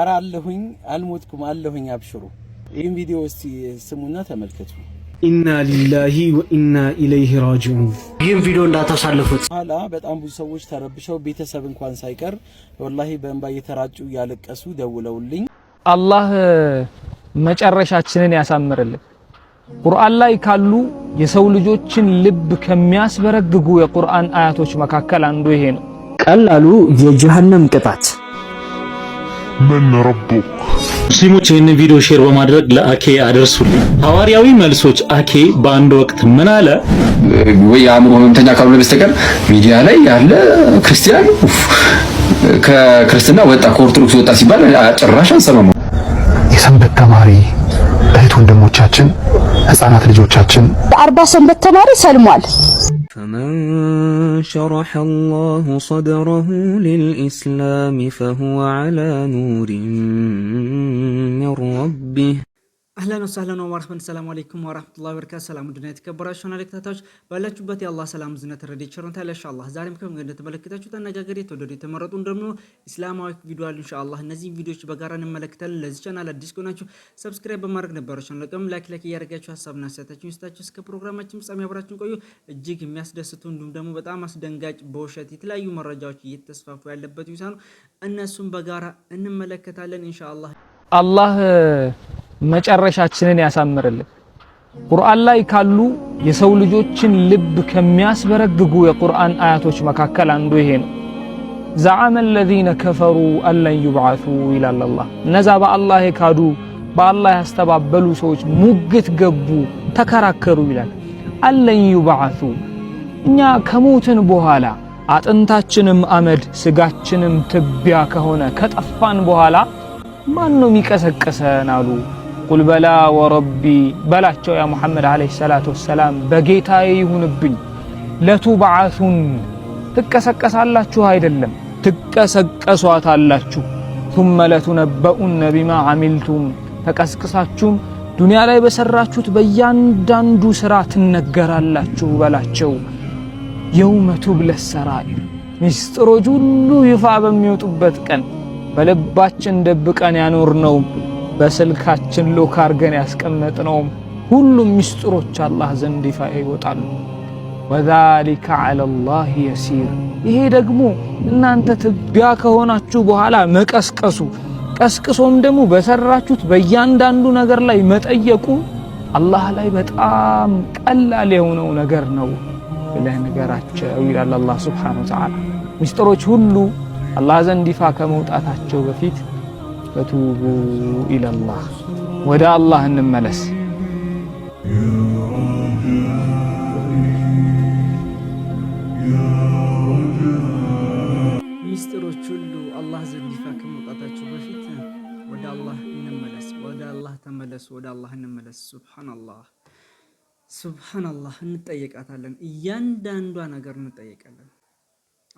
ኧረ አለሁኝ፣ አልሞትኩም፣ አለሁኝ፣ አብሽሩ። ይህም ቪዲዮ እስቲ ስሙና ተመልከቱ። ኢና ሊላሂ ወኢና ኢለይሂ ራጂዑን። ይህም ቪዲዮ እንዳታሳልፉት። ኋላ በጣም ብዙ ሰዎች ተረብሸው ቤተሰብ እንኳን ሳይቀር ወላሂ በእንባ እየተራጩ እያለቀሱ ደውለውልኝ፣ አላህ መጨረሻችንን ያሳምርልን። ቁርአን ላይ ካሉ የሰው ልጆችን ልብ ከሚያስበረግጉ የቁርአን አያቶች መካከል አንዱ ይሄ ነው። ቀላሉ የጀሃነም ቅጣት ምን ረቦክ ሙስሊሞች ይህንን ቪዲዮ ሼር በማድረግ ለአኬ አደርሱልኝ። ሐዋርያዊ መልሶች አኬ በአንድ ወቅት ምን አለ? ወይ የአእምሮ ህመምተኛ ካልሆነ በስተቀር ሚዲያ ላይ ያለ ክርስቲያን ከክርስትና ወጣ ከኦርቶዶክስ ወጣ ሲባል ጭራሽ አንሰማም። የሰንበት ተማሪ እህት ወንድሞቻችን ህፃናት ልጆቻችን በአርባ ሰንበት ተማሪ ሰልሟል። فمن شرح الله صدره للإسلام فهو على نور من ربه አህለን ወሳህለን ወመርሐበን ሰላም አለይኩም ወራህመቱላሂ ወበረካቱ። ሰላም ድና የተከበራችሁ እና ተከታታዮች ባላችሁበት የአላህ ሰላም ዝነት ረዲ ቸርነት አይለሽ ዛሬም ከም እንደተመለከታችሁ ተነጋገር የተወደዱ የተመረጡ እንደምኖ እስላማዊ ቪዲዮ አሉ እነዚህ ቪዲዮዎች በጋራ እንመለከታለን። ለዚህ ቻናል አዲስ ከሆናችሁ ሰብስክራይብ በማድረግ ነበራችሁ ለቀም ላይክ ላይክ እያደረጋችሁ ሐሳብና አስተያየታችሁን ይስጣችሁ። እስከ ፕሮግራማችን ፍጻሜ አብራችሁን ቆዩ። እጅግ የሚያስደስቱ እንዲሁም ደግሞ በጣም አስደንጋጭ በውሸት የተለያዩ መረጃዎች እየተስፋፉ ያለበት ይሳኑ እነሱን በጋራ እንመለከታለን ኢንሻአላህ አላህ መጨረሻችንን ያሳምርልን። ቁርአን ላይ ካሉ የሰው ልጆችን ልብ ከሚያስበረግጉ የቁርአን አያቶች መካከል አንዱ ይሄ ነው። ዘዓመ አለዚነ ከፈሩ አለን ዩብዓሱ ይላል አላህ። እነዛ በአላህ የካዱ በአላህ ያስተባበሉ ሰዎች ሙግት ገቡ፣ ተከራከሩ ይላል። አለን ዩብዓሱ እኛ ከሞትን በኋላ አጥንታችንም አመድ ስጋችንም ትቢያ ከሆነ ከጠፋን በኋላ ማን ነው የሚቀሰቅሰን አሉ። ቁል በላ ወረቢ በላቸው ያ ሙሐመድ ዓለይሂ ሰላቱ ወሰላም በጌታዬ ይሁንብኝ። ለቱባዓሱን ትቀሰቀሳላችሁ አይደለም ትቀሰቀሷታላችሁ። ቱመ ለቱነበኡነ ቢማ አሚልቱም ተቀስቅሳችሁም ዱንያ ላይ በሠራችሁት በእያንዳንዱ ሥራ ትነገራላችሁ በላቸው። የውመ ቱብለ ሰራኢር ሚስጥሮች ሁሉ ይፋ በሚወጡበት ቀን በልባችን ደብቀን ያኖርነው በስልካችን ሎክ አርገን ያስቀመጥነውም ሁሉም ምስጢሮች አላህ ዘንድ ይፋ ይወጣሉ። ወዛሊከ ዐለላህ የሲር። ይሄ ደግሞ እናንተ ትቢያ ከሆናችሁ በኋላ መቀስቀሱ ቀስቅሶም ደግሞ በሰራችሁት በእያንዳንዱ ነገር ላይ መጠየቁ አላህ ላይ በጣም ቀላል የሆነው ነገር ነው ብለህ ንገራቸው ይላል አላህ ሱብሓነሁ ወተዓላ። ምስጢሮች ሁሉ አላህ ዘንድ ይፋ ከመውጣታቸው በፊት ወቱቡ ኢለላህ ወደ አላህ እንመለስ። ሚስጥሮች ሁሉ አላህ ዘንድ ይፋ ከመውጣታቸው በፊት ወደ አላህ እንመለስ፣ ወደ አላህ ተመለሱ፣ ወደ አላህ እንመለስ። ሱብሓነላህ ሱብሓነላህ፣ እንጠየቃታለን። እያንዳንዷ ነገር እንጠየቃለን።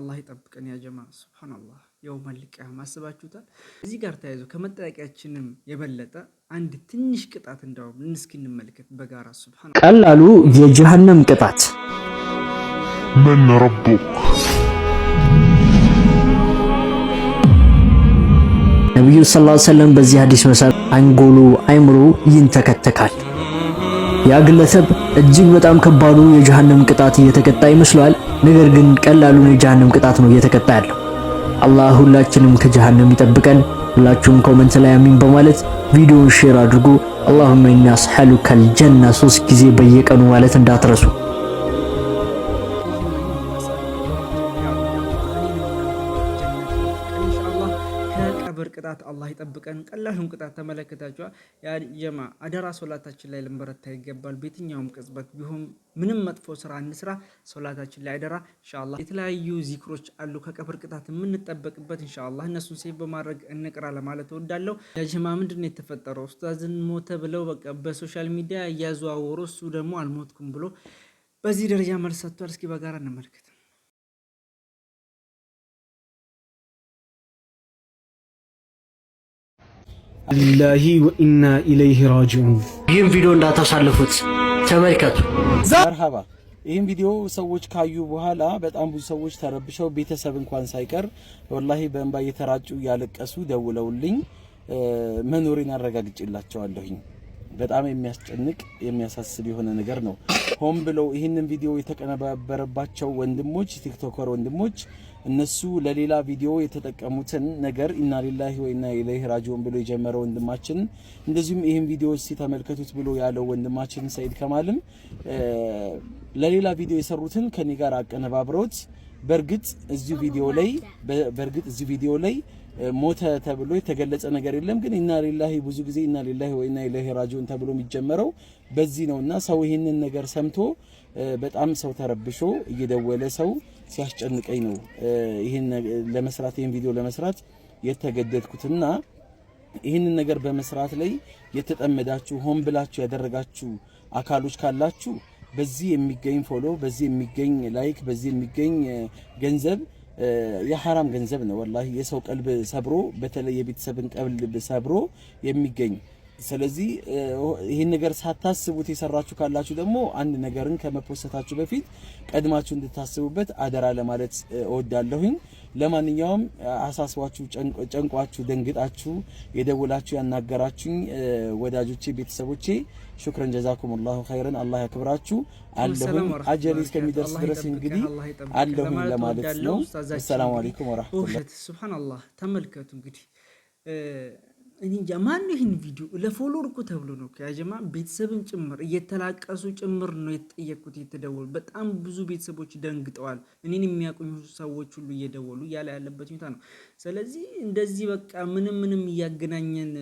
አላህ ይጠብቀን። ያጀማ ሱብሃነላህ የውመል ቂያማ አስባችሁታል። እዚህ ጋር ተያይዞ ከመጠያቂያችንም የበለጠ አንድ ትንሽ ቅጣት እንደውም እንስኪ እንመልከት በጋራ ሱብሃነ ቀላሉ የጀሃነም ቅጣት መን ረቡክ ነቢዩ ሰለላሁ ዐለይሂ ወሰለም በዚህ ሀዲስ መሰረት አንጎሉ አይምሮ ይንተከተካል። ያ ግለሰብ እጅግ በጣም ከባዱ የጀሃነም ቅጣት እየተቀጣ ይመስለዋል። ነገር ግን ቀላሉን የጀሃነም ቅጣት ነው እየተቀጣ ያለው። አላህ ሁላችንም ከጀሃነም ይጠብቀን። ሁላችሁም ኮመንት ላይ አሚን በማለት ቪዲዮውን ሼር አድርጉ። አላሁመ ኢና አስሐሉከል ጀና ሶስት ጊዜ በየቀኑ ማለት እንዳትረሱ። ቅጣት አላህ ይጠብቀን። ቀላሉን ቅጣት ተመለከታችኋል። ያ ጀማ አደራ ሶላታችን ላይ ልንበረታ ይገባል። በየትኛውም ቅጽበት ቢሆን ምንም መጥፎ ስራ እንስራ፣ ሶላታችን ላይ አደራ። እንሻላ የተለያዩ ዚክሮች አሉ ከቀብር ቅጣት የምንጠበቅበት እንሻላ እነሱን ሴፍ በማድረግ እንቅራ ለማለት እወዳለሁ። ያ ጀማ ምንድን ነው የተፈጠረው? ኡስታዝን ሞተ ብለው በቃ በሶሻል ሚዲያ እያዘዋወሩ እሱ ደግሞ አልሞትኩም ብሎ በዚህ ደረጃ መልስ ሰጥቷል። እስኪ በጋራ እንመልከት። ሊላሂ ወኢና ኢለይህ ራጅዑን። ይህም ቪዲዮ እንዳታሳልፉት ተመልከቱ። መርሃባ ይህም ቪዲዮ ሰዎች ካዩ በኋላ በጣም ብዙ ሰዎች ተረብሸው ቤተሰብ እንኳን ሳይቀር ወላሂ በእንባ እየተራጩ እያለቀሱ ደውለውልኝ መኖሬን አረጋግጬላቸዋለሁኝ። በጣም የሚያስጨንቅ የሚያሳስብ የሆነ ነገር ነው። ሆን ብለው ይህንን ቪዲዮ የተቀነባበረባቸው ወንድሞች ቲክቶከር ወንድሞች እነሱ ለሌላ ቪዲዮ የተጠቀሙትን ነገር ኢና ሊላሂ ወኢና ኢለይሂ ራጂዑን ብሎ የጀመረው ወንድማችን እንደዚሁም ይህን ቪዲዮ ተመልከቱት ብሎ ያለው ወንድማችን ሰይድ ከማልም ለሌላ ቪዲዮ የሰሩትን ከኔ ጋር አቀነባብረውት በእርግጥ እዚሁ ቪዲዮ ላይ በእርግጥ እዚሁ ቪዲዮ ላይ ሞተ ተብሎ የተገለጸ ነገር የለም። ግን ኢና ሊላሂ ብዙ ጊዜ ኢና ሊላሂ ወኢና ኢለይሂ ራጂዑን ተብሎ የሚጀመረው በዚህ ነውና ሰው ይህንን ነገር ሰምቶ በጣም ሰው ተረብሾ እየደወለ ሰው ሲያስጨንቀኝ ነው ይህን ለመስራት ይህን ቪዲዮ ለመስራት የተገደድኩትና ይህንን ነገር በመስራት ላይ የተጠመዳችሁ ሆን ብላችሁ ያደረጋችሁ አካሎች ካላችሁ በዚህ የሚገኝ ፎሎ፣ በዚህ የሚገኝ ላይክ፣ በዚህ የሚገኝ ገንዘብ የሐራም ገንዘብ ነው። ወላሂ የሰው ቀልብ ሰብሮ፣ በተለይ የቤተሰብን ቀልብ ሰብሮ የሚገኝ ስለዚህ ይህን ነገር ሳታስቡት የሰራችሁ ካላችሁ ደግሞ አንድ ነገርን ከመፖሰታችሁ በፊት ቀድማችሁ እንድታስቡበት አደራ ለማለት እወዳለሁኝ። ለማንኛውም አሳስባችሁ፣ ጨንቋችሁ፣ ደንግጣችሁ የደወላችሁ ያናገራችሁኝ ወዳጆቼ፣ ቤተሰቦቼ ሹክረን ጀዛኩም ላሁ ኸይረን። አላህ ያክብራችሁ። አለሁኝ አጀሌ እስከሚደርስ ድረስ እንግዲህ አለሁኝ ለማለት ነው። አሰላሙ አለይኩም ወራህመቱላህ። ሱብሃነላህ ተመልከቱ እንግዲህ እኔ እንጃ ማን ይህን ቪዲዮ ለፎሎወር እኮ ተብሎ ነው ከያጀማ ቤተሰብን ጭምር እየተላቀሱ ጭምር ነው የተጠየቅኩት የተደወሉ በጣም ብዙ ቤተሰቦች ደንግጠዋል። እኔን የሚያቆኙ ሰዎች ሁሉ እየደወሉ እያለ ያለበት ሁኔታ ነው። ስለዚህ እንደዚህ በቃ ምንም ምንም እያገናኘን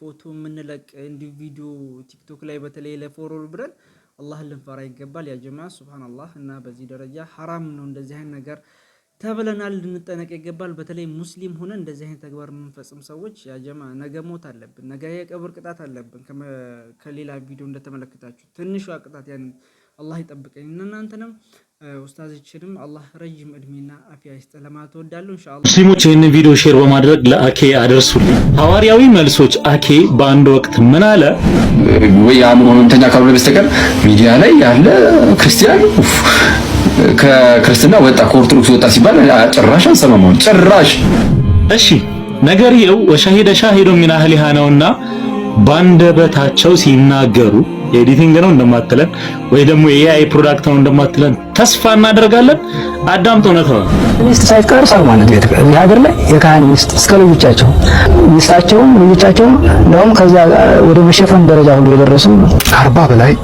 ፎቶ የምንለቅ እንዲሁ ቪዲዮ ቲክቶክ ላይ በተለይ ለፎሎወር ብለን አላህን ልንፈራ ይገባል። ያጀማ ሱብሃነላህ እና በዚህ ደረጃ ሀራም ነው እንደዚህ አይነት ነገር ተብለናል፣ ልንጠነቅ ይገባል። በተለይ ሙስሊም ሆነ እንደዚህ አይነት ተግባር የምንፈጽም ሰዎች ያጀማ ነገ ሞት አለብን፣ ነገ የቀብር ቅጣት አለብን። ከሌላ ቪዲዮ እንደተመለከታችሁ ትንሿ ቅጣት ያን አላህ ይጠብቀኝ እና እናንተንም ኡስታዝችንም አላህ ረጅም እድሜና አፊያ ይስጥ ለማለት እወዳለሁ። ኢንሻአላህ ሙስሊሞች ይህንን ቪዲዮ ሼር በማድረግ ለአኬ አደርሱልኝ። ሐዋርያዊ መልሶች አኬ በአንድ ወቅት ምን አለ? ወይ አእምሮ ህመምተኛ ካልሆነ በስተቀር ሚዲያ ላይ ያለ ክርስቲያን ከክርስትና ወጣ ከኦርቶዶክስ ወጣ ሲባል ጭራሽ አንሰማማው ጭራሽ። እሺ ነገርየው ወሻሂደ ሻሂዶ ሚን አህሊ ሃናውና ባንደበታቸው ሲናገሩ ኤዲቲንግ ነው እንደማትለን ወይ ደግሞ የኤአይ ፕሮዳክት ነው እንደማትለን ተስፋ እናደርጋለን። አዳምጥ እውነት ነው። ሚስት ሳይቀር ሰው ማለት ቤት እዚህ ሀገር ላይ የካህን ሚስት እስከ ልጆቻቸው ሚስታቸውም ልጆቻቸውም እንደውም ከዛ ወደ መሸፈን ደረጃ ሁሉ የደረሱ ከአርባ በላይ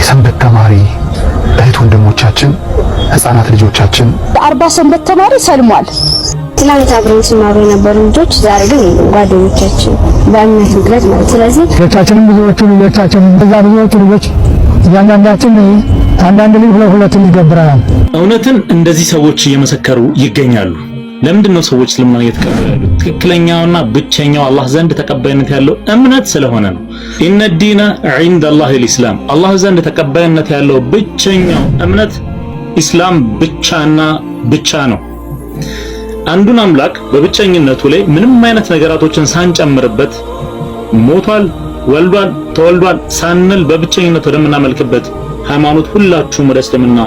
የሰንበት ተማሪ እህት ወንድሞቻችን፣ ህፃናት ልጆቻችን በአርባ ሰንበት ተማሪ ሰልሟል። ትላንት አብረን ሲማሩ የነበሩ ልጆች ዛሬ ግን ጓደኞቻችን በእምነት ምክንያት ማለት ስለዚህ ልጆቻችንም ብዙዎቹ ልጆቻችን እዛ ብዙዎቹ ልጆች እያንዳንዳችን አንዳንድ ልጅ ሁለት ሁለት ይገብረናል። እውነትን እንደዚህ ሰዎች እየመሰከሩ ይገኛሉ። ለምንድን ነው ሰዎች እስልምና እየተቀበሉ ያሉ ትክክለኛውና ብቸኛው አላህ ዘንድ ተቀባይነት ያለው እምነት ስለሆነ ነው። ኢነ ዲነ ዒንደ አላህ ልኢስላም፣ አላህ ዘንድ ተቀባይነት ያለው ብቸኛው እምነት ኢስላም ብቻና ብቻ ነው። አንዱን አምላክ በብቸኝነቱ ላይ ምንም አይነት ነገራቶችን ሳንጨምርበት ሞቷል፣ ወልዷል፣ ተወልዷል ሳንል በብቸኝነት ወደምናመልክበት ሃይማኖት ሁላችሁም ወደ እስልምና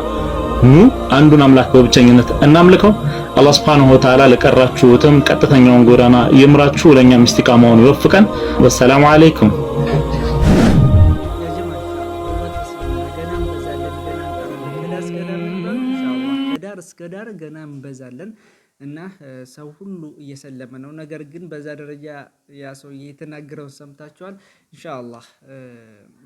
ኑ። አንዱን አምላክ በብቸኝነት እናምልከው። አላህ ሱብሓነሁ ወተዓላ ለቀራችሁትም ቀጥተኛውን ጎዳና ይምራችሁ፣ ለኛ ኢስቲቃማውን ይወፍቀን። ወሰላሙ አለይኩም። ከዳር እስከ ዳር ገና እንበዛለን። እና ሰው ሁሉ እየሰለመ ነው። ነገር ግን በዛ ደረጃ ያ ሰው የተናገረውን ሰምታችኋል። ኢንሻአላህ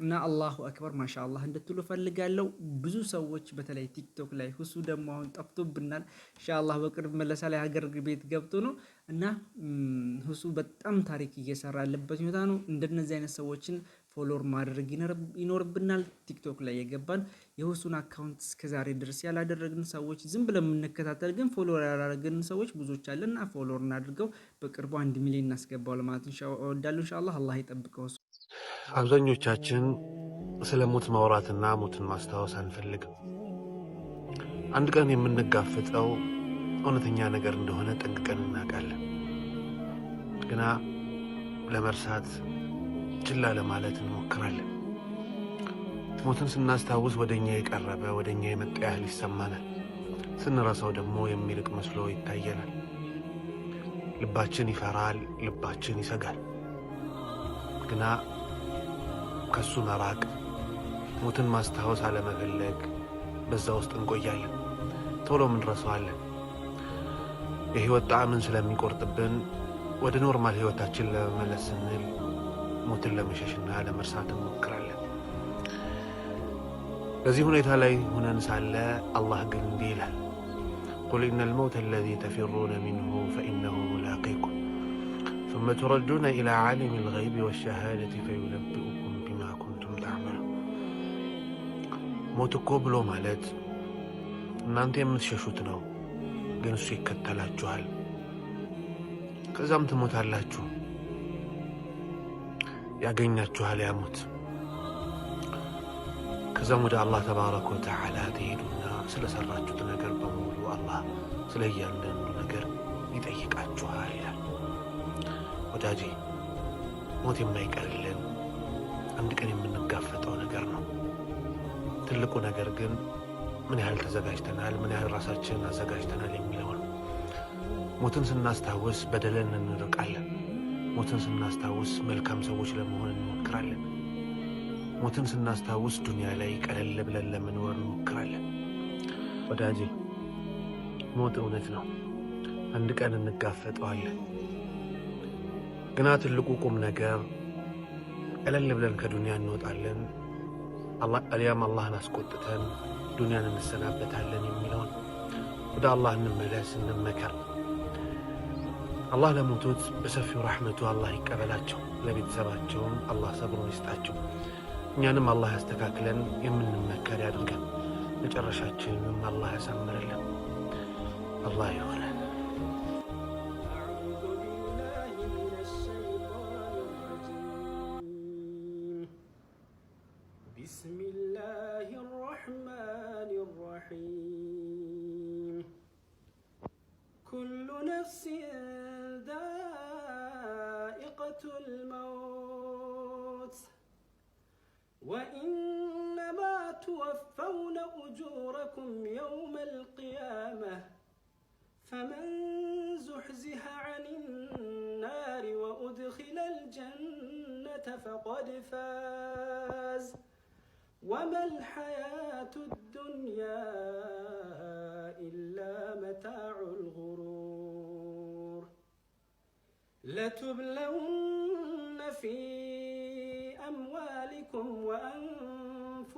እና አላሁ አክበር ማሻአላህ እንድትሉ ፈልጋለሁ። ብዙ ሰዎች በተለይ ቲክቶክ ላይ ሁሱ ደግሞ አሁን ጠፍቶብናል። ኢንሻአላህ በቅርብ መለሳ ላይ ሀገር ቤት ገብቶ ነው እና ሁሱ በጣም ታሪክ እየሰራ ያለበት ሁኔታ ነው። እንደነዚህ አይነት ሰዎችን ፎሎር ማድረግ ይኖርብናል። ቲክቶክ ላይ የገባን የውሱን አካውንት እስከዛሬ ድረስ ያላደረግን ሰዎች ዝም ብለን የምንከታተል ግን ፎሎር ያላደረግን ሰዎች ብዙዎች እና ፎሎር እናድርገው። በቅርቡ አንድ ሚሊዮን እናስገባው ለማለት እወዳለሁ። እንሻላ አላህ ይጠብቀው። አብዛኞቻችን ስለ ሞት ማውራትና ሞትን ማስታወስ አንፈልግም። አንድ ቀን የምንጋፍጠው እውነተኛ ነገር እንደሆነ ጠንቅቀን እናውቃለን። ግና ለመርሳት ችላ ለማለት እንሞክራለን። ሞትን ስናስታውስ ወደ እኛ የቀረበ ወደ እኛ የመጣ ያህል ይሰማናል። ስንረሳው ደግሞ የሚርቅ መስሎ ይታየናል። ልባችን ይፈራል፣ ልባችን ይሰጋል። ግና ከሱ መራቅ ሞትን ማስታወስ አለመፈለግ በዛ ውስጥ እንቆያለን። ቶሎ ምንረሰዋለን። የህይወት ጣዕምን ስለሚቆርጥብን ወደ ኖርማል ህይወታችን ለመመለስ ስንል ሞትን ለመሸሽና ለመርሳት እንሞክራለን። በዚህ ሁኔታ ላይ ሁነን ሳለ አላህ ግን እንዲህ ይላል፣ ቁል ኢነ ልመውት አለዚ ተፊሩነ ሚንሁ ፈኢነሁ ሙላቂኩም ثم تردون إلى عالم الغيب والشهادة فينبئكم بما كنتم تعملون موت كوبلو مالت نانتي متششوتنا جنسو يكتلات جوال كزامت تموت على جوال ያገኛችኋል ያሙት። ከዛም ወደ አላህ ተባረከ ወተዓላ ትሄዱና ስለሰራችሁት ነገር በሙሉ አላህ ስለ እያንዳንዱ ነገር ይጠይቃችኋል ይላል። ወዳጄ ሞት የማይቀርልን አንድ ቀን የምንጋፈጠው ነገር ነው። ትልቁ ነገር ግን ምን ያህል ተዘጋጅተናል፣ ምን ያህል ራሳችንን አዘጋጅተናል ነው። ሞትን ስናስታውስ በደልን እንርቃለን። ሞትን ስናስታውስ መልካም ሰዎች ለመሆን እንሞክራለን። ሞትን ስናስታውስ ዱንያ ላይ ቀለል ብለን ለመኖር እንሞክራለን። ወዳጄ ሞት እውነት ነው፣ አንድ ቀን እንጋፈጠዋለን። ግና ትልቁ ቁም ነገር ቀለል ብለን ከዱንያ እንወጣለን፣ አሊያም አላህን አስቆጥተን ዱንያን እንሰናበታለን የሚለውን ወደ አላህ እንመለስ፣ እንመከር። አላህ ለሞቱት በሰፊው ረሕመቱ አላህ ይቀበላቸው። ለቤተሰባቸውም አላህ ሰብሮ ይስጣቸው። እኛንም አላህ ያስተካክለን፣ የምንመከር ያድርገን። መጨረሻችንንም አላህ ያሳምርልን። አላህ ይሆነ توفون أجوركم يوم القيامة فمن زحزح عن النار وأدخل الجنة فقد فاز وما الحياة الدنيا إلا متاع الغرور لتبلون في أموالكم وأنفسكم